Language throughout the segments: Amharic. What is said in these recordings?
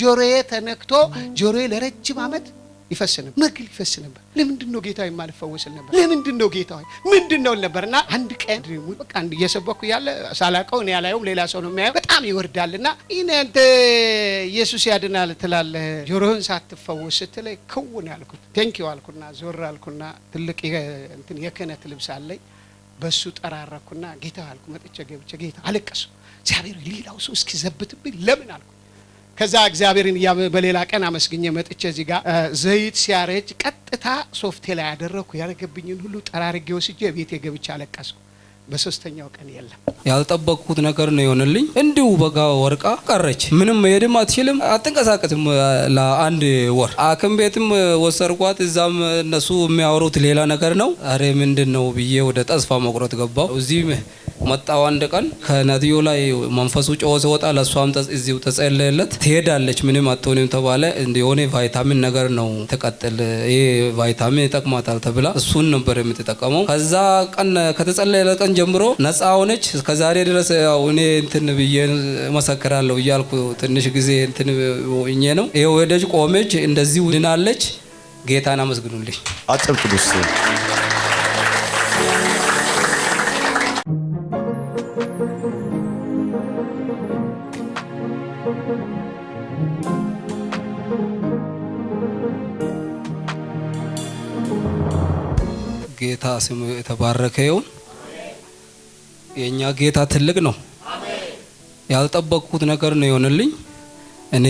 ጆሮዬ ተነክቶ ጆሮዬ ለረጅም ዓመት ይፈስ ነበር፣ መግል ይፈስ ነበር። ለምንድን ነው ጌታ የማልፈወስል ነበር? ለምንድን ነው ጌታ ምንድን ነው ነበር? እና አንድ ቀን በቃ እየሰበኩ ያለ ሳላቀው እኔ ያላየውም ሌላ ሰው ነው የሚያየው። በጣም ይወርዳል እና ይህን አንተ ኢየሱስ ያድናል ትላለህ ጆሮህን ሳትፈወስ ስትለኝ ክውን ያልኩት ቴንኪው አልኩና ዞር አልኩና ትልቅ እንትን የክህነት ልብስ አለኝ በሱ ጠራረኩና ጌታ አልኩ። መጥቼ ገብቼ ጌታ አለቀሱ እግዚአብሔር ሌላው ሰው እስኪዘብትብኝ ለምን አልኩ ከዛ እግዚአብሔርን በሌላ ቀን አመስግኘ መጥቼ እዚህ ጋር ዘይት ሲያረጅ ቀጥታ ሶፍቴ ላይ ያደረግኩ ያደረገብኝን ሁሉ ጠራርጌ ወስጄ ቤቴ ገብቼ አለቀስኩ። በሶስተኛው ቀን የለም ያልጠበቅኩት ነገር ነው የሆነልኝ። እንዲሁ በጋ ወርቃ ቀረች። ምንም መሄድም አትችልም፣ አትንቀሳቀስም። ለአንድ ወር አክም ቤትም ወሰድኳት። እዛም እነሱ የሚያወሩት ሌላ ነገር ነው። አሬ ምንድን ነው ብዬ ወደ ተስፋ መቁረጥ ገባው እዚህ መጣው አንድ ቀን ከነቢዩ ላይ መንፈሱ ጮሆ ሲወጣ ለእሷም እዚሁ ተጸለየለት። ትሄዳለች ምንም አትሆንም ተባለ። የሆነ ቫይታሚን ነገር ነው ተቀጥል፣ ይሄ ቫይታሚን ይጠቅማታል ተብላ እሱን ነበር የምትጠቀመው። ከዛ ቀን ከተጸለየለት ቀን ጀምሮ ነጻ ሆነች። ከዛሬ ድረስ እኔ እንትን ብዬ መሰክራለሁ እያልኩ ትንሽ ጊዜ እንትን እኜ ነው ይኸው ወደጅ ቆመች፣ እንደዚህ ድናለች። ጌታን አመስግኑልኝ። አጭር ቅዱስ ጌታ ስሙ የተባረከ ይሁን። የእኛ ጌታ ትልቅ ነው። ያልጠበቅኩት ነገር ነው የሆነልኝ። እኔ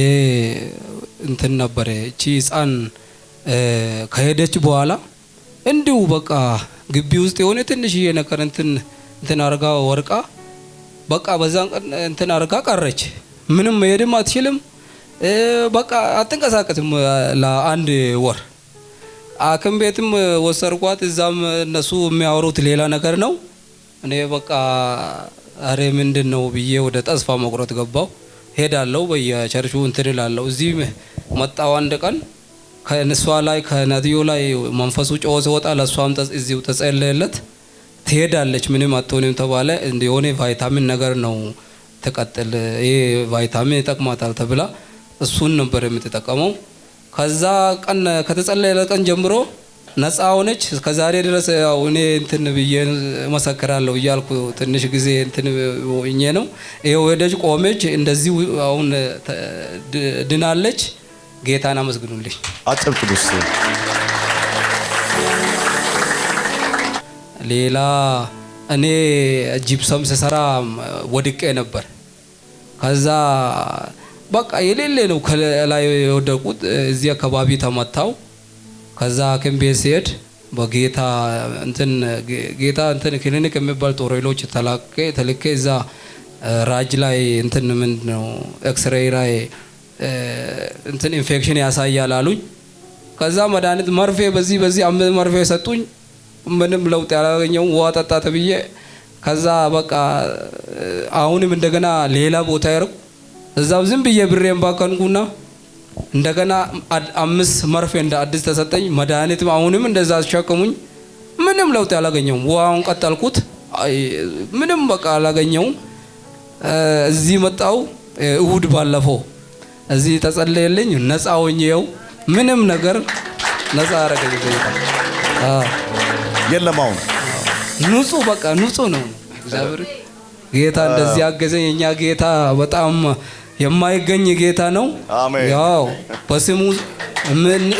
እንትን ነበረ እቺ ህፃን ከሄደች በኋላ እንዲሁ በቃ ግቢ ውስጥ የሆነ ትንሽዬ ነገር እንትን እንትን አርጋ ወርቃ በቃ በዛን ቀን እንትን አርጋ ቀረች። ምንም መሄድም አትችልም። በቃ አትንቀሳቀስም ለአንድ ወር አክም ቤትም ወሰርኳት። እዛም እነሱ የሚያወሩት ሌላ ነገር ነው። እኔ በቃ አሬ ምንድን ነው ብዬ ወደ ተስፋ መቁረጥ ገባው። ሄዳለሁ በየቸርቹ እንትን እላለሁ። እዚህ መጣው አንድ ቀን ከእንሷ ላይ ከነትዮ ላይ መንፈሱ ጮሆ ሲወጣ ለእሷም እዚሁ ተጸለየለት። ትሄዳለች ምንም አትሆንም ተባለ። እንዲሆነ ቫይታሚን ነገር ነው ተቀጥል፣ ይሄ ቫይታሚን ይጠቅማታል ተብላ እሱን ነበር የምትጠቀመው። ከዛ ቀን ከተጸለየ ቀን ጀምሮ ነፃ ሆነች። እስከዛሬ ድረስ ያው እኔ እንትን ብዬ መሰክራለሁ እያልኩ ትንሽ ጊዜ እንትን እኜ ነው ይኸው ሄደች፣ ቆመች፣ እንደዚሁ አሁን ድናለች። ጌታን አመስግኑልኝ። አጥር ቅዱስ ሌላ እኔ ጂፕሰም ስሰራ ወድቄ ነበር ከዛ በቃ የሌለ ነው። ከላይ የወደቁት እዚህ አካባቢ ተመታው። ከዛ ሐኪም ቤት ሲሄድ በጌታ እንትን ጌታ እንትን ክሊኒክ የሚባል ጦሬሎች ተላከ ተልከ እዛ ራጅ ላይ እንትን ምን ነው ኤክስሬይ ላይ እንትን ኢንፌክሽን ያሳያል አሉኝ። ከዛ መድኃኒት መርፌ በዚህ በዚህ አምስት መርፌ ሰጡኝ። ምንም ለውጥ ያላገኘው ውሃ ጠጣ ተብዬ ከዛ በቃ አሁንም እንደገና ሌላ ቦታ ያርኩ እዛው ዝም ብዬ ብሬን ባቀንቁና እንደገና አምስት መርፌ እንደ አዲስ ተሰጠኝ። መድኃኒትም አሁንም እንደዛ አስሸከሙኝ። ምንም ለውጥ አላገኘውም። ውሃውን ቀጠልኩት፣ ምንም በቃ አላገኘውም። እዚህ መጣው እሁድ ባለፈው እዚህ ተጸለየልኝ፣ ነፃ ሆኜው ምንም ነገር ነፃ አረገኝ። ይገኛል። የለም አሁን ንጹህ በቃ ንጹህ ነው። እግዚአብሔር ጌታ እንደዚህ አገዘኝ። የእኛ ጌታ በጣም የማይገኝ ጌታ ነው። ያው በስሙ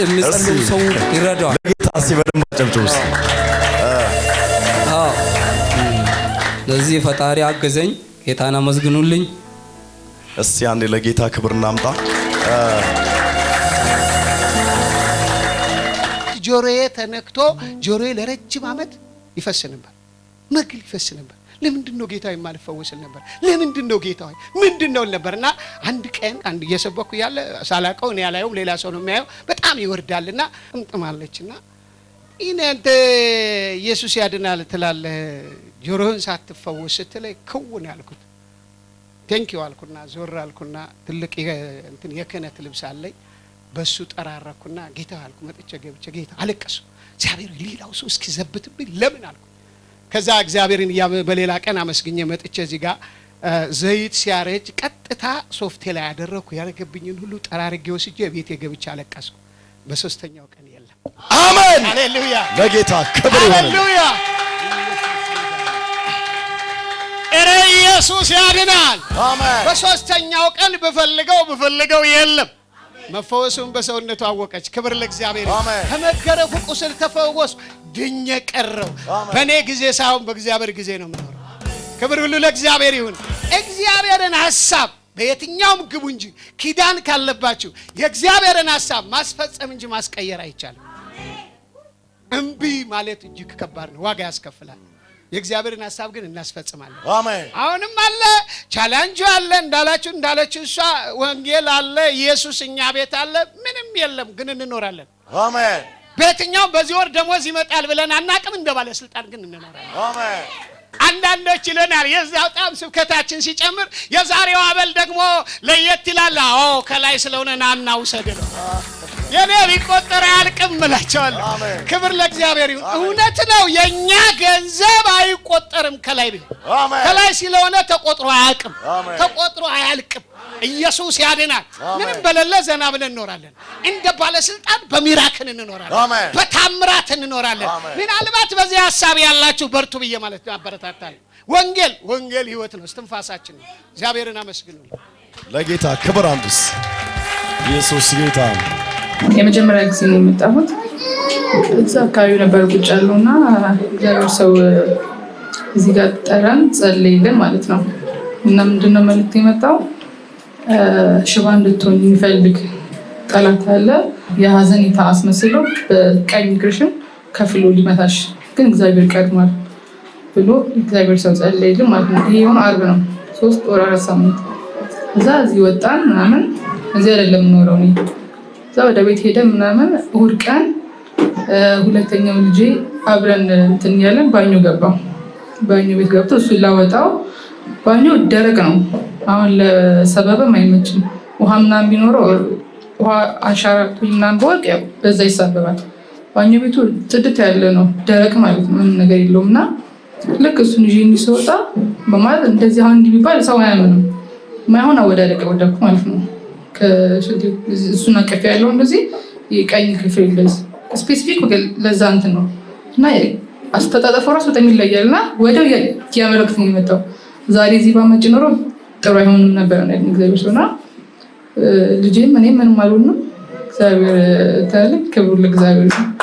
የሚጸልዩ ሰው ይረዳዋል። ጌታ ሲበደም ጨብጭቡስ። ለዚህ ፈጣሪ አገዘኝ። ጌታን አመስግኑልኝ እስቲ አንዴ ለጌታ ክብር እናምጣ። ጆሮዬ ተነክቶ ጆሮዬ ለረጅም ዓመት ይፈስ ነበር፣ መግል ይፈስ ነበር። ለምንድን ነው ጌታ የማልፈወስል ነበር? ለምንድን ነው ጌታ ሆይ ምንድን ነው ነበር? እና አንድ ቀን አንድ እየሰበኩ ያለ ሳላቀው እኔ ያላየውም ሌላ ሰው ነው የሚያየው። በጣም ይወርዳልና ጥምጥማለችና ይህን አንተ ኢየሱስ ያድናል ትላለህ ጆሮህን ሳትፈወስ ስትለይ ክውን ያልኩት ቴንኪው አልኩና ዞር አልኩና ትልቅ እንትን የክህነት ልብስ አለኝ በሱ ጠራረኩና ጌታ አልኩ መጥቼ ገብቼ ጌታ አለቀሱ እግዚአብሔር ሌላው ሰው እስኪዘብትብኝ ለምን አልኩ ከዛ እግዚአብሔርን በሌላ ቀን አመስግኘ መጥቼ እዚህ ጋር ዘይት ሲያረጅ ቀጥታ ሶፍቴ ላይ ያደረግኩ ያደረገብኝን ሁሉ ጠራርጌ ወስጄ ቤቴ የገብቻ አለቀስኩ። በሶስተኛው ቀን የለም። አሜን፣ ሃሌሉያ፣ ለጌታ ክብር ይሁን። ኧረ ኢየሱስ ያድናል። በሶስተኛው ቀን ብፈልገው ብፈልገው የለም። መፈወሱን በሰውነቱ አወቀች። ክብር ለእግዚአብሔር። ከመገረፉ ቁስል ተፈወሱ። ድኜ ቀረው። በእኔ ጊዜ ሳይሆን በእግዚአብሔር ጊዜ ነው የምኖረው። ክብር ሁሉ ለእግዚአብሔር ይሁን። እግዚአብሔርን ሀሳብ በየትኛውም ግቡ እንጂ ኪዳን ካለባችሁ የእግዚአብሔርን ሀሳብ ማስፈጸም እንጂ ማስቀየር አይቻልም። እምቢ ማለት እጅግ ከባድ ነው፣ ዋጋ ያስከፍላል። የእግዚአብሔርን ሀሳብ ግን እናስፈጽማለን። አሁንም አለ ቻላንጁ አለ እንዳላችሁ እንዳለችው እሷ ወንጌል አለ ኢየሱስ እኛ ቤት አለ ምንም የለም ግን እንኖራለን። አሜን በየትኛውም በዚህ ወር ደሞዝ ይመጣል ብለን አናቅም። እንደ ባለስልጣን ግን እንኖራለን። አንዳንዶች ይለናል የዛው ጣም ስብከታችን ሲጨምር የዛሬው አበል ደግሞ ለየት ይላል። አዎ ከላይ ስለሆነ ናና ውሰድ ነው። የኔ ሊቆጠር አያልቅም እላቸዋለሁ። ክብር ለእግዚአብሔር ይሁን። እውነት ነው፣ የእኛ ገንዘብ አይቆጠርም። ከላይ ቢሆን ከላይ ስለሆነ ተቆጥሮ አያልቅም፣ ተቆጥሮ አያልቅም። ኢየሱስ ያድናል። ምንም በሌለ ዘና ብለን እንኖራለን። እንደ ባለስልጣን በሚራክን እንኖራለን፣ በታምራት እንኖራለን። ምናልባት በዚህ ሀሳብ ያላችሁ በርቱ ብዬ ማለት አበረታታል። ወንጌል ወንጌል ህይወት ነው፣ እስትንፋሳችን ነው። እግዚአብሔርን አመስግኑ። ለጌታ ክብር አንዱስ ኢየሱስ ጌታ። የመጀመሪያ ጊዜ ነው የመጣሁት እዛ አካባቢ ነበር ቁጭ ያለውና እግዚአብሔር ሰው እዚህ ጋር ጠረን ጸለይልን ማለት ነው እና ምንድነው መልእክት የመጣው ሽባ እንድትሆን የሚፈልግ ጠላት አለ። የሀዘኔታ አስመስሎ በቀኝ እግርሽን ከፍሎ ሊመታሽ፣ ግን እግዚአብሔር ቀድሟል ብሎ እግዚአብሔር ሰው ጸለይልን ማለት ነው። ይሄ የሆነ አርብ ነው፣ ሶስት ወር አራት ሳምንት እዛ እዚህ ወጣን ምናምን። እዚህ አይደለም የምኖረው ኔ እዛ ወደ ቤት ሄደን ምናምን እሁድ ቀን ሁለተኛው ልጄ አብረን እንትን እያለን ባኞ ገባ። ባኞ ቤት ገብቶ እሱን ላወጣው ባኞ ደረቅ ነው አሁን ለሰበብም አይመችም። ውሃ ምናምን ቢኖረው ውሃ አንሻራቶ ምናምን በወቅ ያው በዛ ይሳበባል። ባኞ ቤቱ ጽድት ያለ ነው፣ ደረቅ ማለት ነው፣ ምንም ነገር የለውም። እና ልክ እሱን ይዤ እንዲሰወጣ በማለት እንደዚህ አሁን እንዲህ ቢባል ሰው አያምንም። ማይሆን አወዳደቀ ወደኩ ማለት ነው። እሱን አቀፊ ያለው እንደዚህ የቀኝ ክፍል እንደዚህ ስፔሲፊክ ለዛ እንትን ነው እና አስተጣጠፈው ራሱ በጣም ይለያል እና ወደው ያመለክት ነው የመጣው ዛሬ እዚህ ባመጭ ኖረው ጥሩ አይሆንም ነበር ና እግዚአብሔር ሰና ልጄም እኔ ምንም አልሆንም። እግዚአብሔር ተልክ ክብሩ ለእግዚአብሔር ነው።